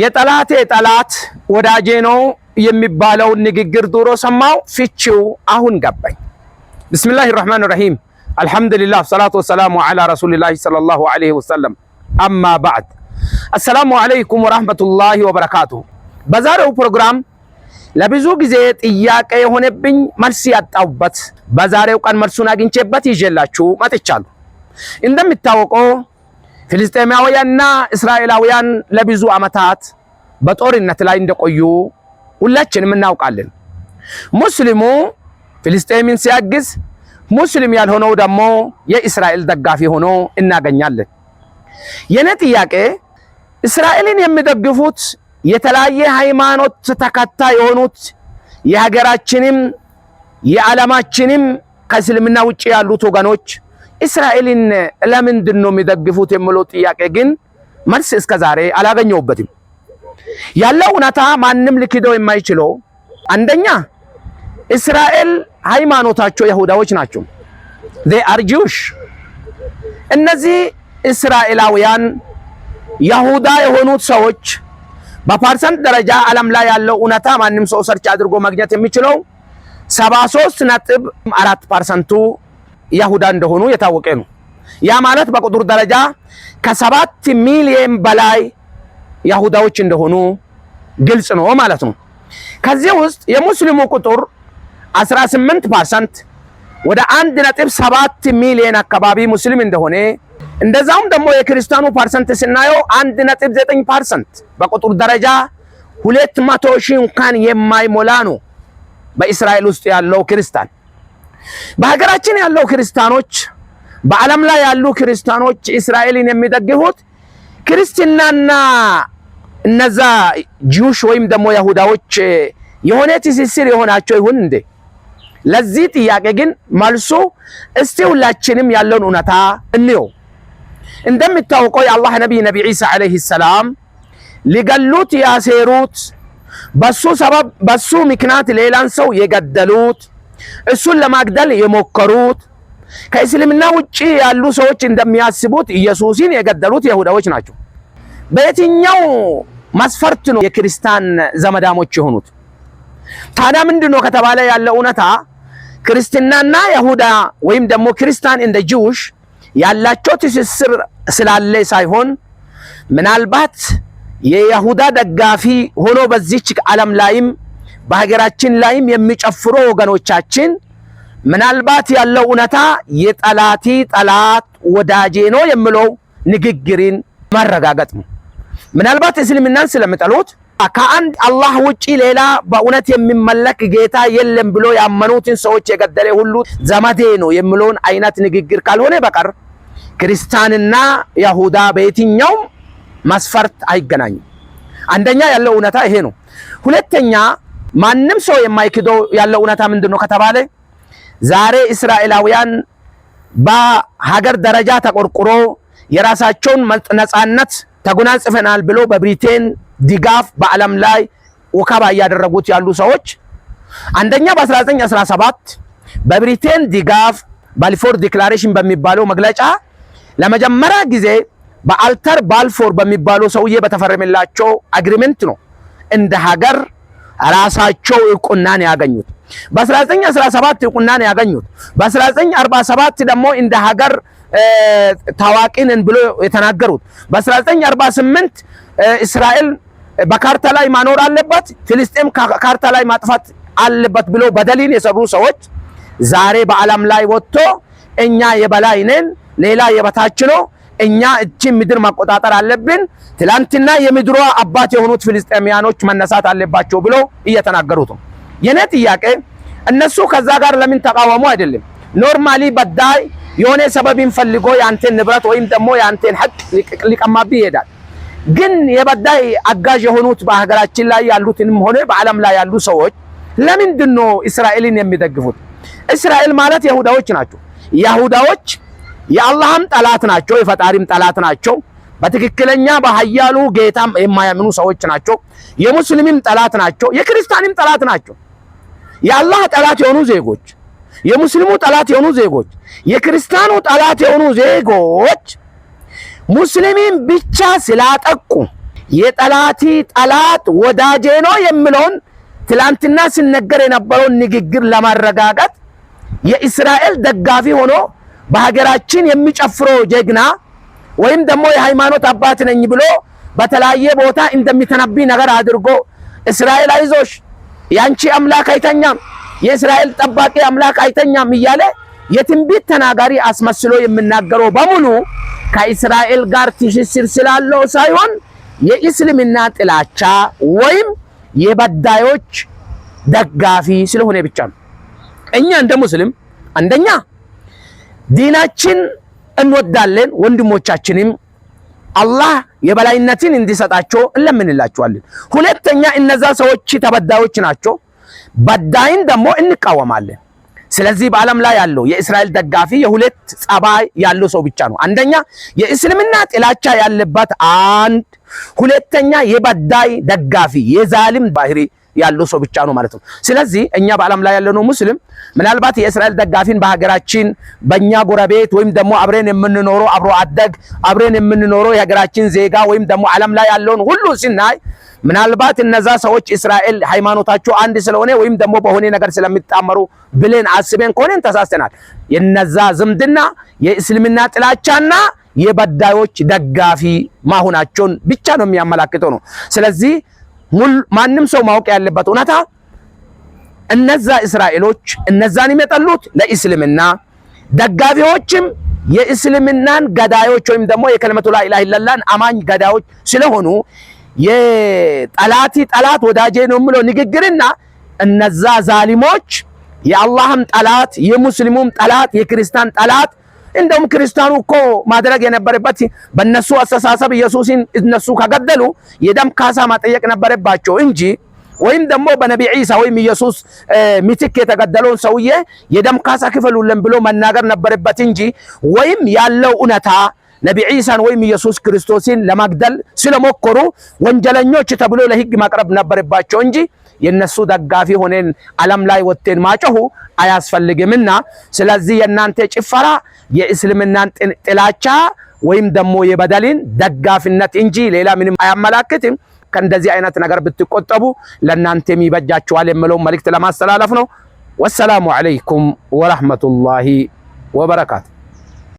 የጠላቴ ጠላት ወዳጄ ነው የሚባለውን ንግግር ዱሮ ሰማው፣ ፍቺው አሁን ገባኝ። ብስሚላህ ራህማን ራሂም አልሐምዱሊላህ ሰላቱ ወሰላሙ ዓላ ረሱሊላህ ሰለላሁ ዐለይሂ ወሰለም። አማ ባዕድ አሰላሙ ዓለይኩም ወራህመቱላሂ ወበረካቱ በዛሬው ፕሮግራም ለብዙ ጊዜ ጥያቄ የሆነብኝ መልስ ያጣውበት በዛሬው ቀን መልሱን አግኝቼበት ይዤላችሁ መጥቻለሁ። እንደሚታወቀው ፍልስጤማውያንና እስራኤላውያን ለብዙ ዓመታት በጦርነት ላይ እንደቆዩ ሁላችንም እናውቃለን። ሙስሊሙ ፍልስጤምን ሲያግዝ፣ ሙስሊም ያልሆነው ደግሞ የእስራኤል ደጋፊ ሆኖ እናገኛለን። የኔ ጥያቄ እስራኤልን የሚደግፉት የተለያየ ሃይማኖት ተከታይ የሆኑት የሀገራችንም የዓለማችንም ከእስልምና ውጭ ያሉት ወገኖች እስራኤልን ለምንድን ነው የሚደግፉት የሚለው ጥያቄ ግን መልስ እስከ ዛሬ አላገኘሁበትም። ያለው እውነታ ማንም ሊክደው የማይችለው አንደኛ እስራኤል ሃይማኖታቸው የሁዳዎች ናቸው። they are Jewish እነዚህ እስራኤላውያን የሁዳ የሆኑት ሰዎች በፐርሰንት ደረጃ ዓለም ላይ ያለው እውነታ ማንም ሰው ሰርች አድርጎ ማግኘት የሚችለው 73 ነጥብ 4 ፐርሰንቱ ያሁዳ እንደሆኑ የታወቀ ነው። ያ ማለት በቁጥር ደረጃ ከሰባት ሚሊየን በላይ ያሁዳዎች እንደሆኑ ግልጽ ነው ማለት ነው። ከዚህ ውስጥ የሙስሊሙ ቁጥር 18% ወደ 1.7 ሚሊዮን አካባቢ ሙስሊም እንደሆነ እንደዛውም ደግሞ የክርስቲያኑ ፐርሰንት ስናየው 1.9% በቁጥር ደረጃ 200 ሺህ እንኳን የማይሞላ ነው በእስራኤል ውስጥ ያለው ክርስቲያን። በሀገራችን ያለው ክርስቲያኖች በዓለም ላይ ያሉ ክርስቲያኖች እስራኤልን የሚደግፉት ክርስትናና እነዛ ጂውሽ ወይም ደግሞ ይሁዳዎች የሆነ ትስስር የሆናቸው ይሁን እንዴ? ለዚህ ጥያቄ ግን መልሱ እስቲ ሁላችንም ያለውን እውነታ እንየው። እንደሚታወቀው የአላህ ነቢይ ነቢ ዒሳ ዓለይሂ ሰላም ሊገሉት ያሴሩት በሱ ሰበብ በሱ ምክንያት ሌላን ሰው የገደሉት እሱን ለማግደል የሞከሩት ከእስልምና ውጭ ያሉ ሰዎች እንደሚያስቡት ኢየሱስን የገደሉት ይሁዳዎች ናቸው። በየትኛው መስፈርት ነው የክርስቲያን ዘመዳሞች የሆኑት? ታዲያ ምንድን ነው ከተባለ ያለ እውነታ ክርስትናና ይሁዳ ወይም ደግሞ ክርስቲያን እንደ ጅውሽ ያላቸው ትስስር ስላለ ሳይሆን ምናልባት የይሁዳ ደጋፊ ሆኖ በዚች ዓለም ላይም በሀገራችን ላይም የሚጨፍሩ ወገኖቻችን ምናልባት ያለው እውነታ የጠላቲ ጠላት ወዳጄ ነው የሚለው ንግግርን ማረጋገጥ ነው። ምናልባት እስልምናን ስለምጠሉት ከአንድ አላህ ውጪ ሌላ በእውነት የሚመለክ ጌታ የለም ብሎ ያመኑትን ሰዎች የገደለ ሁሉ ዘመዴ ነው የሚለውን አይነት ንግግር ካልሆነ በቀር ክርስቲያንና ያሁዳ በየትኛውም መስፈርት አይገናኝም። አንደኛ ያለው እውነታ ይሄ ነው። ሁለተኛ ማንም ሰው የማይክደው ያለው እውነታ ምንድን ነው ከተባለ ዛሬ እስራኤላውያን በሀገር ደረጃ ተቆርቁሮ የራሳቸውን ነጻነት ተጎናጽፈናል ብሎ በብሪቴን ድጋፍ በዓለም ላይ ወከባ እያደረጉት ያሉ ሰዎች አንደኛ በ1917 በብሪቴን ድጋፍ ባልፎር ዲክላሬሽን በሚባለው መግለጫ ለመጀመሪያ ጊዜ በአልተር ባልፎር በሚባለው ሰውዬ በተፈረመላቸው አግሪመንት ነው እንደ ሀገር ራሳቸው እውቅናን ያገኙት። በ1917 እውቅናን ያገኙት። በ1947 ደግሞ እንደ ሀገር ታዋቂ ብሎ የተናገሩት። በ1948 እስራኤል በካርታ ላይ ማኖር አለበት፣ ፍልስጤም ካርታ ላይ ማጥፋት አለበት ብሎ በደሊን የሰሩ ሰዎች ዛሬ በዓለም ላይ ወጥቶ እኛ የበላይ ነን፣ ሌላ የበታች ነው እኛ እቺ ምድር መቆጣጠር አለብን። ትላንትና የምድሯ አባት የሆኑት ፍልስጤሚያኖች መነሳት አለባቸው ብሎ እየተናገሩት ነው። የኔ ጥያቄ እነሱ ከዛ ጋር ለምን ተቃወሙ? አይደለም ኖርማሊ በዳይ የሆነ ሰበብን ፈልጎ የአንቴን ንብረት ወይም ደግሞ የአንቴን ሀቅ ሊቀማብ ይሄዳል። ግን የበዳይ አጋዥ የሆኑት በሀገራችን ላይ ያሉትንም ሆነ በዓለም ላይ ያሉ ሰዎች ለምንድን ነው እስራኤልን የሚደግፉት? እስራኤል ማለት የሁዳዎች ናቸው። ይሁዳዎች የአላህም ጠላት ናቸው፣ የፈጣሪም ጠላት ናቸው። በትክክለኛ በሀያሉ ጌታም የማያምኑ ሰዎች ናቸው። የሙስሊምም ጠላት ናቸው፣ የክርስቲያንም ጠላት ናቸው። የአላህ ጠላት የሆኑ ዜጎች፣ የሙስሊሙ ጠላት የሆኑ ዜጎች፣ የክርስቲያኑ ጠላት የሆኑ ዜጎች ሙስሊሚን ብቻ ስላጠቁ የጠላቲ ጠላት ወዳጄ ነው የሚለውን ትላንትና ሲነገር የነበረውን ንግግር ለማረጋጋት የእስራኤል ደጋፊ ሆኖ በሀገራችን የሚጨፍረው ጀግና ወይም ደግሞ የሃይማኖት አባት ነኝ ብሎ በተለያየ ቦታ እንደሚተነብይ ነገር አድርጎ እስራኤል አይዞሽ፣ ያንቺ አምላክ አይተኛም፣ የእስራኤል ጠባቂ አምላክ አይተኛም እያለ የትንቢት ተናጋሪ አስመስሎ የሚናገረው በሙሉ ከእስራኤል ጋር ትስስር ስላለው ሳይሆን የእስልምና ጥላቻ ወይም የበዳዮች ደጋፊ ስለሆነ ብቻ ነው። እኛ እንደ ሙስሊም አንደኛ ዲናችን እንወዳለን። ወንድሞቻችንም አላህ የበላይነትን እንዲሰጣቸው እንለምንላቸዋለን። ሁለተኛ እነዛ ሰዎች ተበዳዮች ናቸው። በዳይን ደግሞ እንቃወማለን። ስለዚህ በዓለም ላይ ያለው የእስራኤል ደጋፊ የሁለት ጸባይ ያለው ሰው ብቻ ነው። አንደኛ የእስልምና ጥላቻ ያለበት አንድ፣ ሁለተኛ የበዳይ ደጋፊ የዛልም ባህሪ ያለው ሰው ብቻ ነው ማለት ነው። ስለዚህ እኛ በዓለም ላይ ያለነው ሙስሊም ምናልባት የእስራኤል ደጋፊን በሀገራችን በእኛ ጎረቤት ወይም ደግሞ አብረን የምንኖረው አብሮ አደግ አብረን የምንኖረው የሀገራችን ዜጋ ወይም ደግሞ ዓለም ላይ ያለውን ሁሉ ሲናይ ምናልባት እነዛ ሰዎች እስራኤል ሃይማኖታቸው አንድ ስለሆነ ወይም ደግሞ በሆነ ነገር ስለሚጣመሩ ብለን አስበን ከሆነን ተሳስተናል። የነዛ ዝምድና የእስልምና ጥላቻና የበዳዮች ደጋፊ መሆናቸውን ብቻ ነው የሚያመላክተው ነው። ስለዚህ ማንም ሰው ማወቅ ያለበት እውነታ እነዛ እስራኤሎች እነዛን የሚጠሉት ለእስልምና ደጋፊዎችም የእስልምናን ገዳዮች ወይም ደግሞ የከለመቱ ላ ኢላሀ ኢለላህን አማኝ ገዳዮች ስለሆኑ የጠላቲ ጠላት ወዳጄ ነው የሚለው ንግግርና እነዛ ዛሊሞች የአላህም ጠላት የሙስሊሙም ጠላት የክርስቲያን ጠላት እንደውም ክርስቲያኑ እኮ ማድረግ የነበረበት በነሱ አስተሳሰብ ኢየሱስን እነሱ ከገደሉ የደም ካሳ ማጠየቅ ነበረባቸው እንጂ ወይም ደግሞ በነቢ ዒሳ ወይም ኢየሱስ ሚትክ የተገደለውን ሰውዬ የደም ካሳ ክፈሉልን ብሎ መናገር ነበረበት እንጂ ወይም ያለው እውነታ ነቢ ዒሳን ወይም ኢየሱስ ክርስቶስን ለማግደል ስለሞከሩ ወንጀለኞች ተብሎ ለሕግ ማቅረብ ነበረባቸው እንጂ የነሱ ደጋፊ ሆነን ዓለም ላይ ወጥተን ማጨሁ አያስፈልግምና። ስለዚህ የእናንተ ጭፈራ የእስልምናን ጥላቻ ወይም ደግሞ የበደልን ደጋፊነት እንጂ ሌላ ምንም አያመላክትም። ከእንደዚህ አይነት ነገር ብትቆጠቡ ለእናንተም ይበጃችኋል የምለውን መልእክት ለማስተላለፍ ነው። ወሰላሙ አለይኩም ወረህመቱላሂ ወበረካቱ።